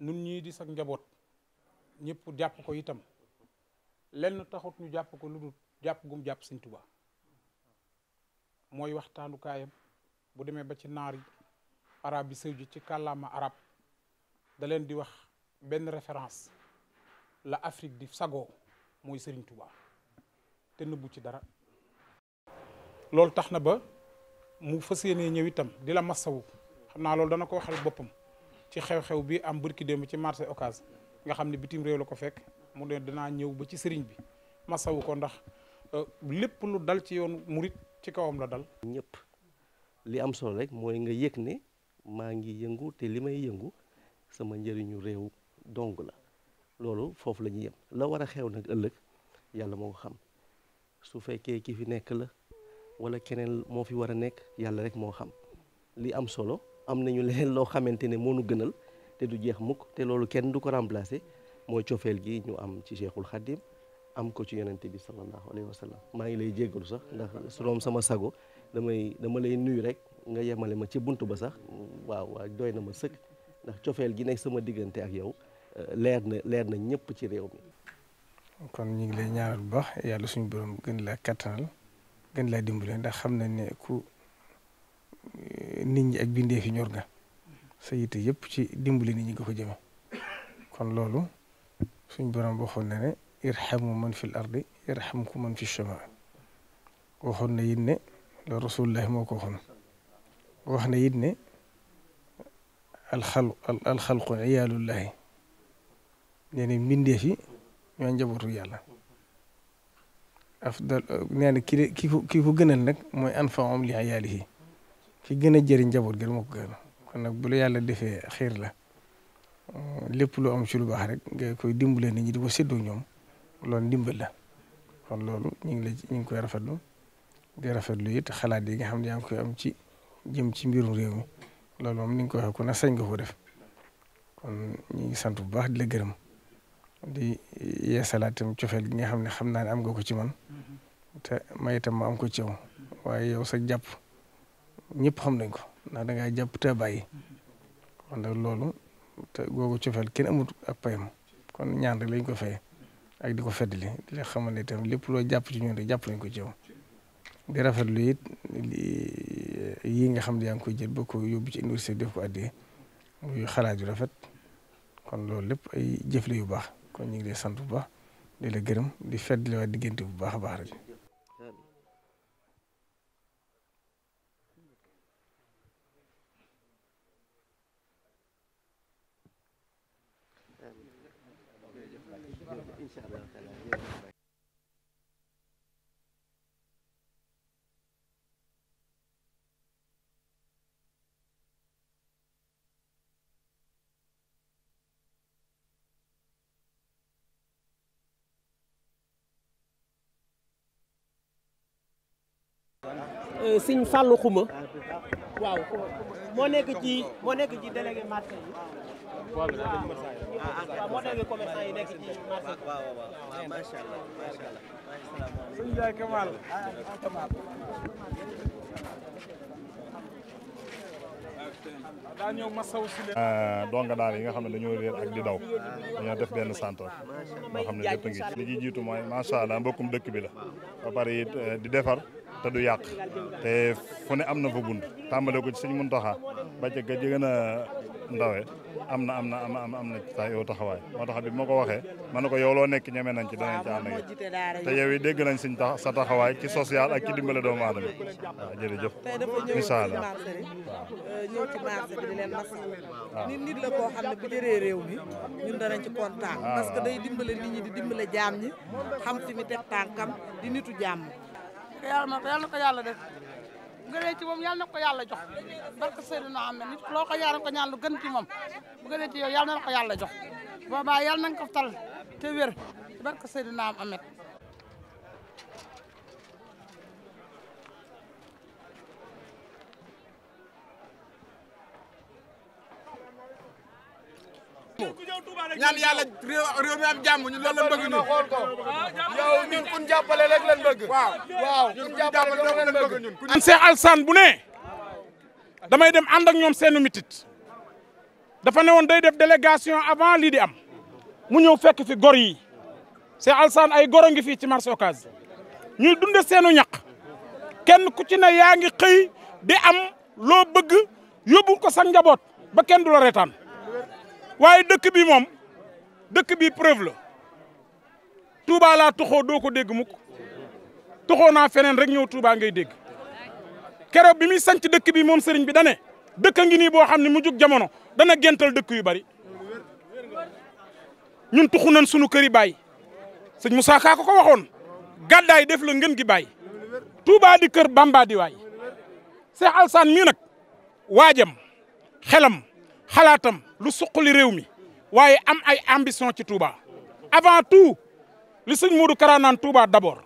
nun ñii di sag njaboot ñëpp jàpp ko itam lenn taxut ñu jàpp ko lu dul jàpp gum jàpp sëñ Tuubaa mooy waxtaanukaayam bu demee ba ci naar yi arab yi ci kàllaama arab da leen di wax benn référence la Afrique di sago mooy sëriñ Tuubaa te nëbbu ci dara loolu tax na ba mu fas yéenee ñëw itam di la masawu xam naa loolu dana ko waxal boppam ci xew-xew bi am bërki démb ci marché Ocass nga xam ne bitim réew la ko fekk mu ne danaa ñëw ba ci sëriñ bi masawu ko ndax euh, lépp lu dal ci yoon murit ci kawam la dal. ñëpp li am solo rek mooy nga yëg ne maa ngi yëngu te li may yëngu sama njëriñu réew dong la loolu foofu la ñuy yem la war a xew nag ëllëg yàlla moo xam su fekkee ki fi nekk la wala keneen moo fi war a nekk yàlla rek moo xam li am solo. am nañu leen loo xamante ne moo nu gënal te du jeex mukk te loolu kenn du ko remplacer mooy cofeel gi ñu am ci Cheikhul Khadim am ko ci yonente bi sallallahu alayhi wa maa ngi lay jéggalu sax ndax su doom sama sago damay dama lay nuyu rek nga yemale ma ci bunt ba sax waaw waaw doy na ma sëkk ndax cofeel gi nekk sama diggante ak yow euh, leer na leer na ñëpp ci réew mi. kon ñu ngi lay ñaanal baax yàlla suñu borom gën laa kattanal gën laa dimbale ndax xam nañ ne ku nit ñi ak bindee fi ñor nga sa yitte yëpp ci dimbali nit ñi nga ko jëme kon loolu suñ borom waxoon na ne irhamu man fil ardi yarhamkum man fi samaa waxoon na yit ne loolu rasulullah moo ko waxoon wax na yit ne alxalqu alxalqu iyaalullahi nee na mbindeef yi ñoo njabootu yàlla afdal nee na ki ko gënal nag mooy anfaam li iyaalihi ki gën a jëriñ njaboot gi moo ko gën kon nag bu la yàlla defee xiir la euh, lépp lu am ci lu baax rek nga koy dimbalee nit ñi di ko séddoo ñoom loolu dimbal la kon loolu ñu ngi la ñu ngi koy rafetlu di rafetlu it xalaat yi nga xam ne yaa ngi koy am ci jëm ci mbirum réew mi loolu moom ni nga ko waxee ku ne sañ nga ko def kon ñu ngi sant bu baax di la gërëm di yeesalaat tam nga xam ne xam naa ne am nga ko ci man mm-hmm. te may itam am ko ci yow waaye yow sa jàpp. ñëpp xam nañ ko ndax dangay jàpp te bàyyi kon nag loolu te googu cofeel kenn amut ak payam kon ñaan rek lañ ko fayee ak di ko feddali di la xamal ne itam lépp loo jàpp ci ñun rek jàpp nañ ko ci yow di rafetlu it yi nga xam ne yaa ngi koy jël ba ko yóbbu ci université def ko addee muy xalaat yu rafet kon loolu lépp ay jëfle yu baax kon ñu ngi lay sant bu baax di la gërëm di feddali waa diggante bu baax a baax rek Euh, sëñ Fallou Xuma ah, waaw moo nekk ci moo nekk ci ah, ah, euh, donga daal yi nga xam ne dañoo réer ak di daw dañoo def benn centre boo xam ne lépp ngi li ci jiitu mooy macha allah mbokkum dëkk bi la ba pare euh, di defar te du yàq te fu ne am na fa bunt tàmbale ko ci sëñ taxa ba ca gën a ndawe am na am na am na sa yow taxawaay moo tax bi ma ko waxee ma ne ko yow loo nekk ñeme nañ ci danañ ci ànd yow yi nañ suñ tax sa taxawaay ci social ak ci dimbale doomu aadama waaw jërëjëf incha allah nit nit la koo xam ne bi jëree réew mi ñun danañ ci kontaan parce que day dimbale nit ñi di dimbale jaam ñi xam fi mi teg tànkam di nitu jàmm te yàlla yàlla na ko yàlla def bu gënee ci moom yàlla na ko yàlla jox barke Seydina am na loo ko yaara ko ñaan gën ci moom bu gënee ci yow yàlla na ko yàlla jox boobaa yàlla na nga ko tal te wér barke Seydina am amet ñaan yàlla réew mi am jàmm ñun loolu lañ ah, jàppale rek ku ñu jàppale rek bu ne damay dem ànd ak ñoom seenu mitit dafa ne woon day def délégation avant lii di am mu ñëw fekk fi gor yi Cheikh Alassane ay goro ngi fii ci marché Ocass dunde seenu ñaq kenn ku ci na yaa ngi xëy di am loo bëgg yóbbu ko sa njaboot ba kenn du la reetaan waaye dëkk bi moom dëkk bi preuve la Touba laa toxoo doo ko dégg mukk toxoo naa feneen rek ñëw Touba ngay dégg keroog bi muy sanc dëkk bi moom sëriñ bi dane dëkk ngi nii boo xam ni mu jug jamono dana gental dëkk yu bari ñun tuxu nañ sunu kër yi bàyyi sëñ Moussa Ka ko waxoon gàddaay def la ngën gi bàyyi Touba di kër Bamba di waay Alsaan mii nag waajam xelam xalaatam lu suqali réew mi waaye am ay ambition ci Touba avant tout li sëñ Modou Kara naan Touba d'abord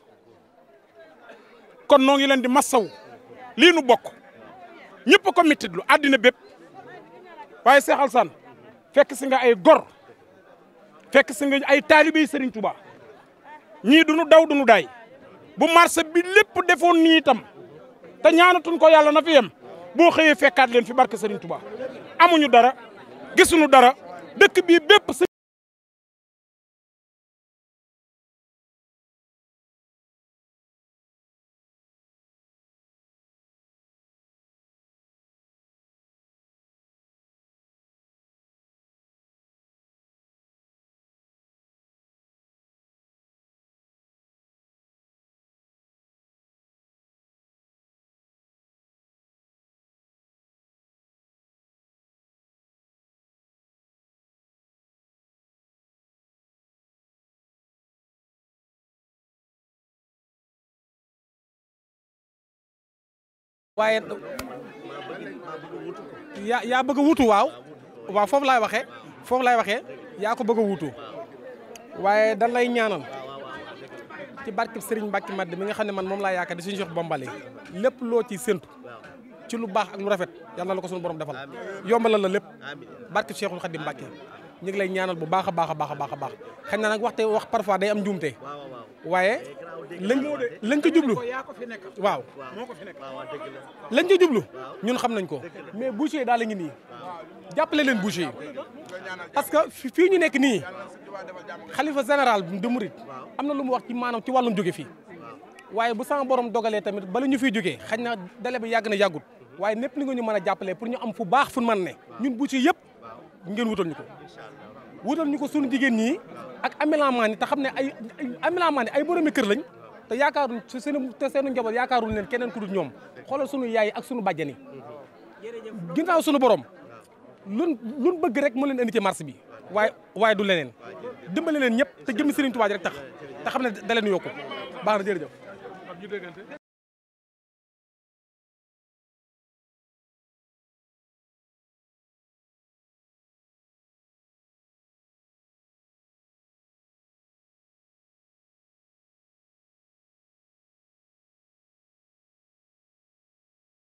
kon noo ngi leen di massaw lii bokk ñëpp ko lu àddina bépp waaye Cheikh Alassane fekk si nga ay gor fekk si ay taalibe yi Serigne Touba ñii duñu daw duñu daay bu marché bi lépp defoon nii itam te ñaanatuñ ko yàlla na fi yem boo xëyee fekkaat leen fi barke Serigne Touba amuñu dara gisuñu dara dëkk bii bépp waaye yaa yaa bëgg wutu waaw waaw foofu laay waxee foofu laay waxe yaa ko bëgg a wutu waaye dan lay ñaanal ci barkeb Serigne Mbacke Madde mi nga xam ne man moom laa yaakaar di suñu jox bombale lépp loo ci séntu ci lu baax ak lu rafet yal na la ko suñu borom defal yombalal la lépp barkeb Cheikhul Khadim Mbacke ñu ngi lay ñaanal bu baax a baax a baax a baax a baax xëy na nag waxte wax parfois day am njuumte waaye lañ lañ ko jublu waaw lañ ko jublu ñun xam nañ ko mais boucher yi daal la nii jàppale leen boucher parce que fii ñu nekk nii xalifa général de Mouride am na lu mu wax ci maanaam ci wàllum jóge fii waaye bu sama borom dogalee tamit bala ñu fiy jógee xañ na dale bi yàgg na yàggut waaye népp ni nga ñu mën a jàppalee pour ñu am fu baax fu mën ne ñun boucher yëpp ngeen wutal ñu ko wutal ñu ko suñu jigéen ñi ak amelamane yi te xam ne ay amelamane ay boromi kër lañ te yaakaaruñ te seen te seen njaboot yaakaaruñ leen keneen ku ñoom xoolal suñu yaay ak suñu bàjjani ginnaaw suñu borom lu lun bëgg rek mu leen indi ci marché bi waaye waaye du leneen dimbale leen ñëpp te jëmmi Serigne Touba rek tax te xam ne da leen yokku baa na jërëjëf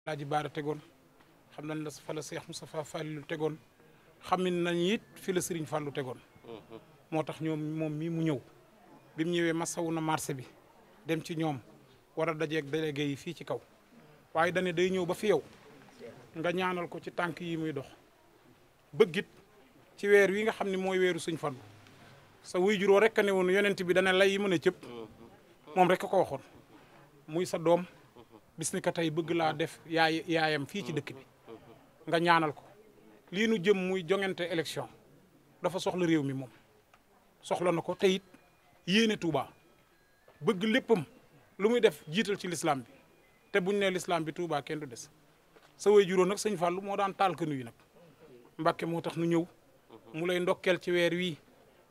laaji baara tegoon xam nañ la fa la Cheikh Moustapha Fallilu tegoon xamin nañ it fi la Serigne Fallou tegoon mhm. moo tax ñoom moom mii mu ñëw bi mu ñëwee masawu na marché bi dem ci ñoom war a dajeeg délégué yi fii ci kaw waaye dane day ñëw ba fi yow nga ñaanal ko ci tànk yi muy dox bëggit ci weer wi nga xam ne mooy weeru Serigne Fallou sa wuy juróo rek a ne woon yonent bi dana lay yi mën a cëpp mhm. moom rek a ko waxoon muy sa doom bis ni ka tey bëgg laa def yaay yaayam fii ci dëkk bi nga ñaanal ko lii nu jëm muy joŋante élection dafa soxla réew mi moom soxla na ko te it yéene Touba bëgg léppam lu muy def jiital ci lislaam bi te buñ ne lislaam bi Touba kenn du des sa way juróom nag sëñ Fallou moo daan taal kënu yi nag Mbàkke moo tax nu ñëw mu lay ndokkeel ci weer wii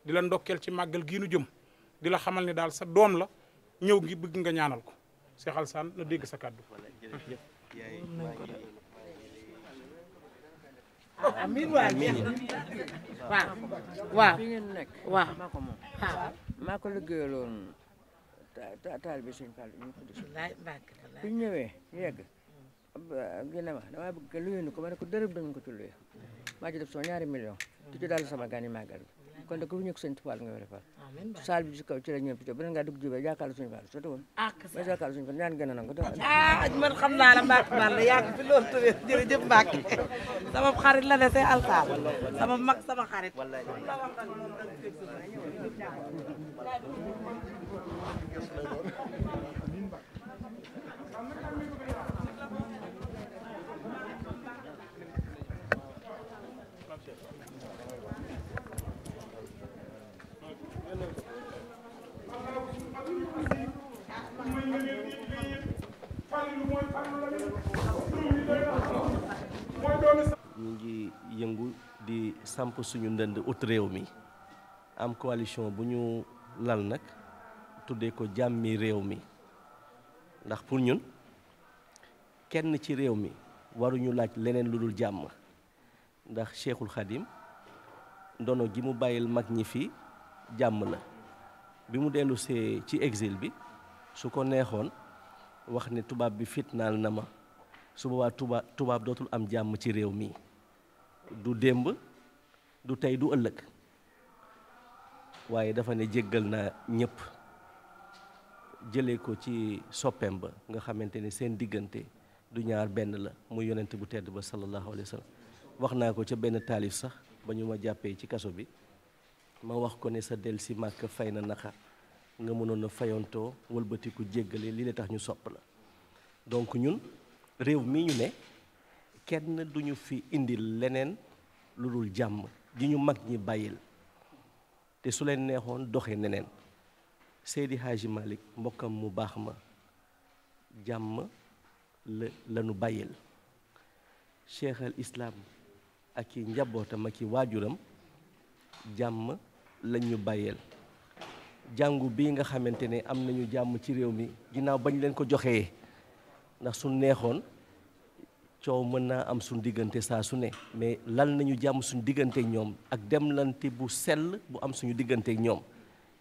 di la ndokkeel ci màggal gii nu jëm di la xamal ne daal sa doom la ñëw ngi bëgg nga ñaanal ko Cheikh Alassane nu dégg sa kàddu amiin waaw waaw fi ngeen nekk waaw maa ko moom maa ko liggéeyaloon taal bi suñ Fall ñu ko dis bu ñu ñëwee yegg gënna ma damaa bëgg luye ni ko ma ne ko dërëb dañ ko ci luye mm-hmm. maa ci def sama ñaari million ti ci daal sama gani màggal bi kon de ko fi ñëkk sëñ Tuubaa nga war a defal bi ci kaw ci la ñëpp ci beneen nga dugg jubee jàkkaarloo suñu Fall soto woon ah, ba jàkkaarloo suñu Fall ñaan gën a nangu ah man xam naa la Mbacke Balla yàgg fi loolu tëddee jërëjëf Mbacke sama xarit la ne say altaar sama mag sama xarit samp suñu ndënd ut réew mi am coalition bu ñu lal nag tuddee ko jàmmi réew mi ndax pour ñun kenn ci réew mi waruñu laaj leneen lu dul jàmm ndax Cheikhul Khadim ndono gi mu bàyyil mag ñi fi jàmm la bi mu dellusee ci exil bi su ko neexoon wax ne tubaab bi fitnaal na ma su boobaa tubaab tubaab dootul am jàmm ci réew mi du démb du tey du ëllëg waaye dafa ne jéggal naa ñëpp jële ko ci soppeem ba nga xamante ne seen diggante du ñaar benn la muy yonent bu tedd ba sallallahu alayhi wa wax naa ko ca benn taalif sax ba ñu ma jàppee ci kaso bi ma wax ko ne sa del si màkk fay na naqar nga mënoon a fayantoo wëlbatiku jéggale li la tax ñu sopp la donc ñun réew mi ñu ne kenn du ñu fi indi leneen lu dul jàmm gi ñu mag ñi bàyyil te su leen neexoon doxe neneen Seydi Hadji Malick mbokkam mu baax ma jàmm la lanu bàyyil cheikh al ak i njabootam ak i waajuram jàmm lañu ñu bàyyeel jàngu bi nga xamante ne am nañu jàmm ci réew mi ginnaaw bañ leen ko joxee ndax su neexoon coow mën naa am suñ diggante saa su ne mais lal nañu jàmm suñu digganteek ñoom ak demlante bu sell bu am suñu digganteek ñoom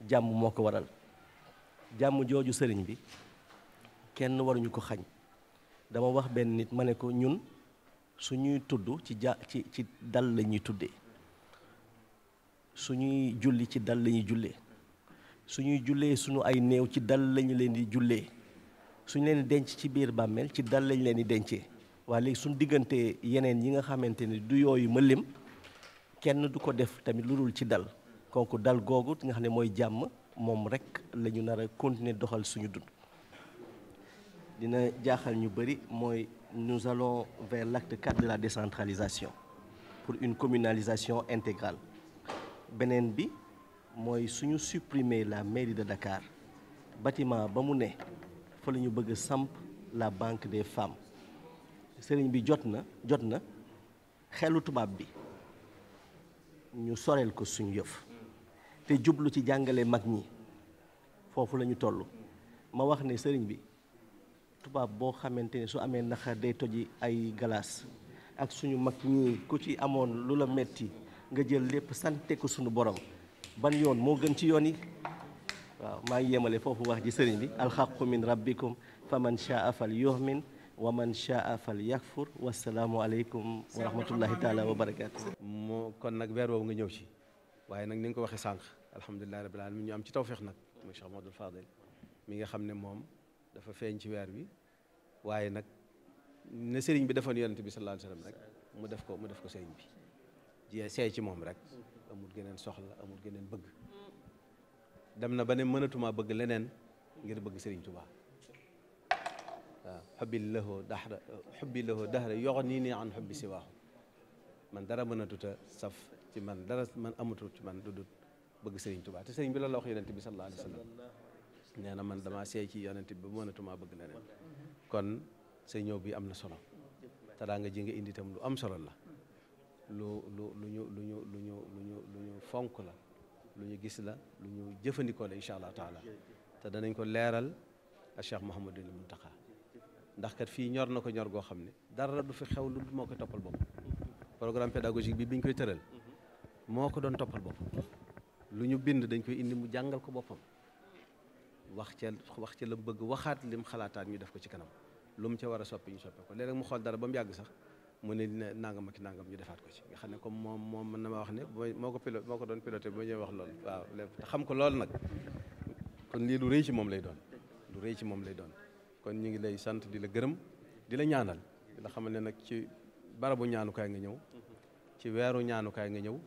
jàmm moo ko waral jàmm jooju sëriñ bi kenn waruñu ko xañ dama wax benn nit ma ne ko ñun suñuy tudd ci ja ci ci dal la ñuy tuddee suñuy julli ci dal lañuy ñuy jullee suñuy jullee suñu ay néew ci dal lañu leen di jullee suñu leen di denc ci biir bàmmeel ci dal lañu leen di dencee waa léegi suñ diggante yeneen yi nga xamante ni du yooyu ma lim kenn du ko def tamit lu dul ci dal kooku dal googu nga xam ne mooy jàmm moom rek la ñu nar a continuer doxal suñu dund dina jaaxal ñu bëri mooy nous allons vers l'acte 4 de la décentralisation pour une communalisation intégrale beneen bi mooy suñu supprimer la mairie de Dakar batiment ba mu ne fa la ñu bëgg samp la banque des femmes sëriñ bi jot na jot na xelu tubaab bi ñu soreel ko suñu yëf te jublu ci jàngale mag ñi foofu la ñu toll ma wax ne sëriñ bi tubaab boo xamante ne su amee naxar day toji ay galaas ak suñu mag ñi ku ci amoon lu la metti nga jël lépp sante ko suñu borom ban yoon moo gën ci yoon yi waaw maa ngi yemale foofu wax ji sëriñ bi alxaqu min rabbikum faman shaa fal wa man shaa fal yakfur wasalaamualeykum wa rahmatullahi taala wa barakaatu. moo kon nag weer woowu nga ñëw ci waaye nag ni nga ko waxee sànq alhamdulilah rabbil alamin ñu am ci tawféex nag mooy Cheikh Mahamadul Fadil mi nga xam ne moom dafa feeñ ci weer bi waaye nag ne sëriñ bi defoon yonent bi sallallahu alayhi wa rek mu def ko mu def ko sëriñ bi jiyee seey ci moom rek amul geneen soxla amul geneen bëgg dem na ba ne mënatuma bëgg leneen ngir bëgg sëriñ Tuubaa waaw la lahoo daxra xubbi lahoo daxra yoxo nii nii an xubbi si waaxu man dara mënatuta saf ci man dara man amatul ci man dudut bëgg sëriñ Tuubaa te sëriñ bi loolu la wax yonent bi sallallahu alayhi wa sallam nee na man damaa seey ci yonent bi mënatumaa bëgg leneen kon sa bi am na solo teraanga ji nga indi tam lu am solo la lu ñu lu lu ñu lu ñu fonk la lu ñu gis la lu ñu jëfandikoo la incha allah taala te danañ ko leeral a Cheikh Mouhamadul Muntaxa ndax kat fii ñor na ko ñor goo xam ne dara du fi xew lu moo ko toppal bopp programme pédagogique bi biñ koy tëral moo ko doon toppal bopp lu ñu bind dañ koy indi mu jàngal ko boppam wax ca wax ca la bëgg waxaat lim xalaataat ñu def ko ci kanam lu mu ca war a soppi ñu soppi ko léeg-léeg mu xool dara ba mu yàgg sax mu ne dina nangam ak nangam ñu defaat ko ci nga xam ne comme moom moom mën na ma wax ne moo ko pilote moo ko doon piloté ba ñëw wax loolu waaw lépp te xam ko loolu nag kon lii lu ci moom lay doon lu rëy ci moom lay doon kon ñu ngi lay sant di la gërëm di la ñaanal di la xamal ne nag ci barabu ñaanukaay nga ñëw ci weeru ñaanukaay nga ñëw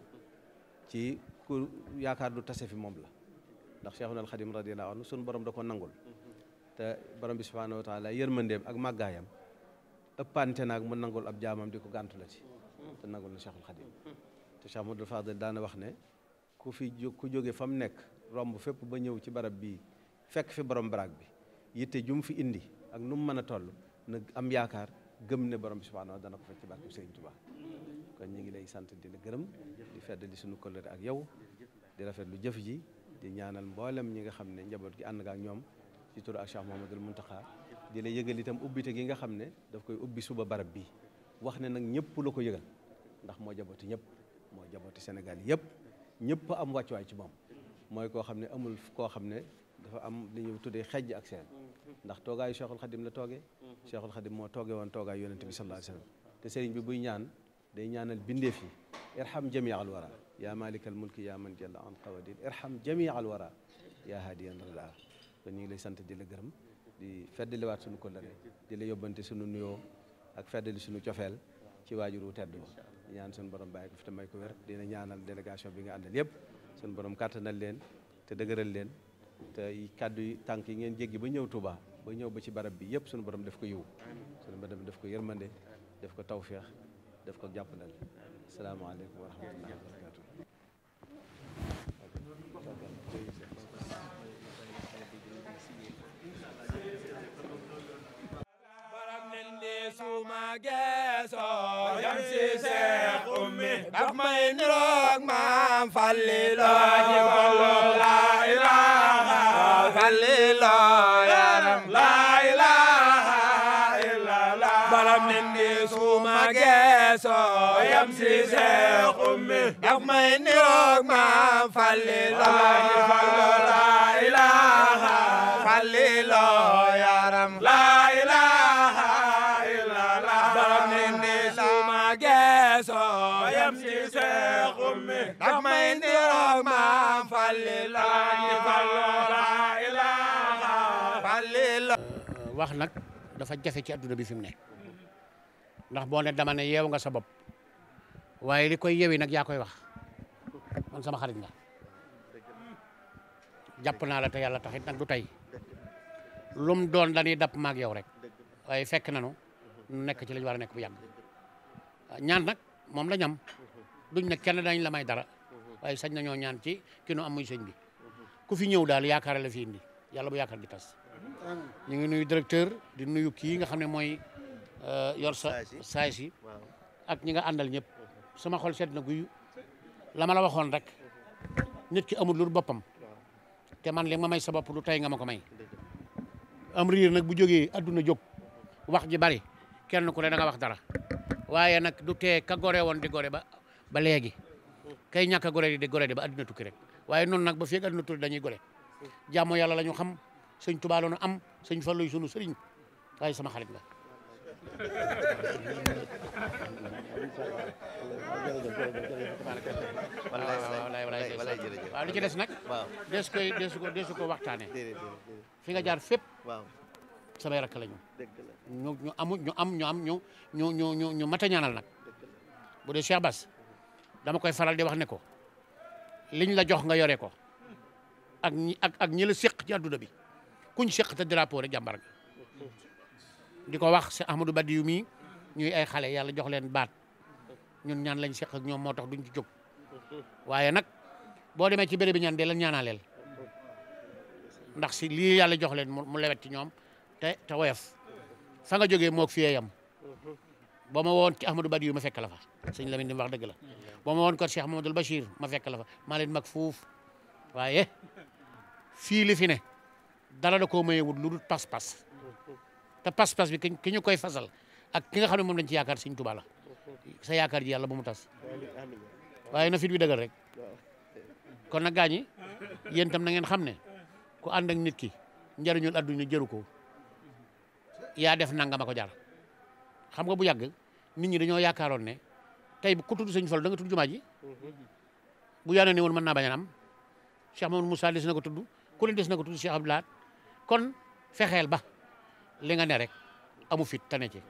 ci ku yaakaar du tase fi moom la ndax Cheikhul Khadim radiyallahu anhu sunu borom da ko nangul te borom bi subhaanahu wa taala yërmandeem ak màggaayam ëppante naag mu nangul ab jaamam di ko gàntulati te nangul na Cheikhul Khadim te Cheikh Modou Fadel daana wax ne ku fi ku jóge fa mu nekk romb fépp ba ñëw ci barab bii fekk fi borom baraag bi yitte jum fi indi ak nu mu mën a toll nag am yaakaar gëm ne borom bi subhanahu wa dana ko fekk ci barke Sëriñ Tuubaa kon ñu ngi lay sant di la gërëm di feddali suñu kóllëre ak yow di rafetlu jëf ji di ñaanal mboolem ñi nga xam ne njaboot gi ànd nga ak ñoom ci turu ak Cheikh Mouhamadoul Mountakha di la yëgal itam ubbite gi nga xam ne daf koy ubbi suba barab bi wax ne nag ñëpp la ko yëgal ndax moo jabooti ñëpp moo jabooti Sénégal yëpp ñëpp am wàccuwaay ci moom mooy koo xam ne amul koo xam ne dafa am li ñuy tuddee xejj ak seen ndax toogaayu cheikhul xadim la tooge mhm. cheikhul xadim moo tooge woon toogaay yonent bi sallallahu alayhi wasallam te sëriñ bi buy ñaan day ñaanal bindeef yi irham jamii al wara yaa malikal mulki yaa man jalla an qawadil irham jamii al yaa hadiyan rada kon ñu ngi lay sant di la gërëm di feddaliwaat suñu kollëre di la yóbbante suñu nuyoo ak feddali suñu cofeel ci waajur wu tedd ñaan suñu borom bàyyi ko fi te may ko wér dina ñaanal délégation bi nga àndal yëpp suñu borom kàttanal leen te dëgëral leen te kàddu yi tànk yi ngeen jéggi ba ñëw Touba ba ñëw ba ci barab bi yëpp sunu borom def ko yiw sunu borom def ko yërmande def ko tawféex def ko jàpp asalaamaaleykum wa rahmatulah wa barakatu suma geesoo yam si seex ummi daf may niroog maam fallilo ji fallo la ilaha fallilo yaram la ilaha illallah balam nindi suma geesoo yam si seex ummi daf may niroog maam fallilo ji fallo la ilaha fallilo yaram ak wax nag dafa jafe ci adduna bi ne ndax boo ne dama ne yeew nga sa bopp waaye li koy yewi nag yaa koy wax man sama xarit nga jàpp naa la te yàlla taxit nag du tey lum doon dañuy dab maag yow rek waaye fekk nanu nu nekk ci lañ war a nekk bu yàgg ñaan nag moom la ñam duñ ne kenn dañ la may dara waaye sañ nañoo ñaan ci ki nu am muy sëñ bi ku fi ñëw daal yaakaar la fi indi yàlla bu yaakaar gi tas ñu ngi nuyu directeur di nuyu kii nga xam ne mooy euh, yor sa saay si ak ñi nga àndal ñëpp sama xol sedd na guyu la ma la waxoon rek nit ki amul lu boppam te man li ma may sa bopp du tey nga ma ko may am riir nag bu jógee adduna jóg wax ji bari kenn ku ne da nga wax dara waaye nag du tee ka gore woon di gore ba ba léegi kay ñàkk a gore di de gore di ba adduna tukki rek waaye noon nag ba feeg adduna tukki dañuy gore jàmmo yàlla la xam sëñ Tuubaa la ñu am sëñ Fallu sunu sëriñ waaye sama xarit la walaay walaay waaw li ci des nag des koy desu ko waxtaane fi nga jaar fépp samay rakk la ñu ñu ñu am ñu am ñu ñu ñu ñu mata ñaanal nag bu dee Cheikh Bass dama koy faral de wax ne ko liñ la jox nga yore ko ak ñi ak ñi la séq ci adduna bi kuñ séq te drapeau rek jàmbar nga di ko wax si Ahmadou Badiou mii ñuy ay xale yàlla jox leen baat ñun ñaan lañ séq ñoom moo tax duñ ci jóg waaye nag boo demee ci béréb bi ñaan de la ñaanaleel ndax si lii yàlla jox leen mu lewet ci ñoom te te woyof fa nga jógee moog fiyee yam ba ma woon ci Ahmadou Badi yu ma fekk la fa sëñ Lamine di wax dëgg la ba ma woon ko Cheikh Mamadou Bachir ma fekk la fa maa leen mag fuuf waaye fii li fi ne dala da koo mayewut lu dul pas-pas te pas-pas bi ki ñu koy fasal ak ki nga xam ne moom lañ ci yaakaar sëñ Tuubaa la sa yaakaar ji yàlla ba mu tas waaye na fit bi dëggal rek kon na gaañi yéen tam na ngeen xam ne ku ànd ak nit ki njëriñul adduna jëru ko yaa def nangama ko jar xam nga bu yàgg ni ñu dañoo yaakaaroon ne tey ku tudd sëñ Fallu da nga tudd jumaa bu yàlla ne woon mën naa bañ a am Cheikh Mamadou Moussa des na ko tudd ku leen des na ko tudd Cheikh Abdoulaye kon fexeel ba li nga ne rek amu fit ta ci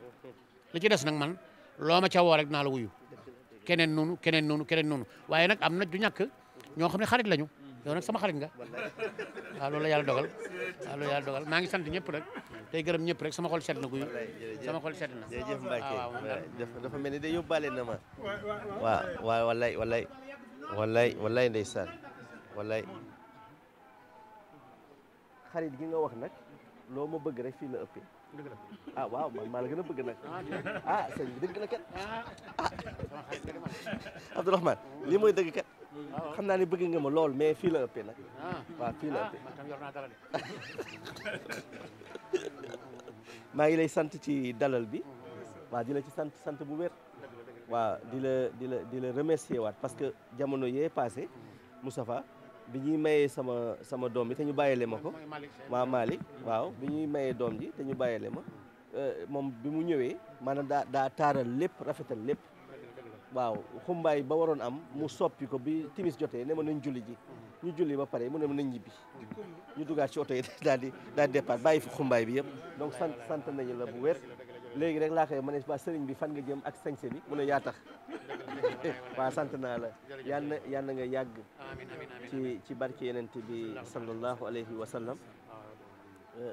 li ci des nag man loo ma ca woo rek naa la wuyu keneen noonu keneen noonu keneen noonu waaye nag am na du ñàkk ñoo xam ne xarit lañu yow nag sama xarit nga waaw loolu yàlla dogal waaw loolu yàlla dogal maa ngi sant ñëpp rek tey gërëm ñëpp rek sama xol sedd na guy sama xol sedd na jërëjëf Mbacke ah, dafa mel ni day yóbbaale na ma waaw waaw walay walay walay walay ndeysaan walay xarit gi nga wax nag loo bëgg rek fii la ëpp ah waaw man maa gën a bëgg nag ah, ah sëñ bi dëgg la kat ah, ah. Abdourahmane lii mooy dëgg kat xam naa ne bëgg nga ma lool mais fii la ëppee nag. Ah. waaw fii la ëppee. Ah, maa ngi lay sant ci dalal bi. waaw di la ci sant sant bu wér. waaw di la di la di la remercier waat parce que jamono yee passé Moustapha bi ñuy mayee sama sama doom bi te ñu bàyyile ma ko. waaw Malick waaw bi ñuy mayee doom ji te ñu bàyyile ma. Euh, moom bi mu ñëwee maanaam daa daa taaral lépp rafetal lépp. waaw xumbaay ba waroon am mu soppi ko bi timis jotee ne ma nañ julli ji ñu julli ba pare mu ne ma nañ ñibbi ñu dugaat ci oto daa daal di daal bàyyi fi xumbaay bi yëpp donc sant sant nañu la bu wér léegi rek laa koy ma ne waa sëriñ bi fan nga jëm ak sañse bi mu ne yaa tax waaw sant naa la yal na yal na nga yàgg ci ci barke yenente bi sallallahu alayhi wa sallam euh,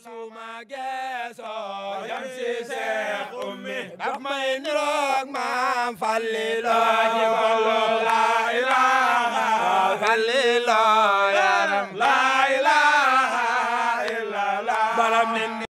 suma geesoo jam si seex ummi daf may niroog maam fallilo ji fallo laa ilaaha fallilo yaram laa ilaaha illa laa balam nin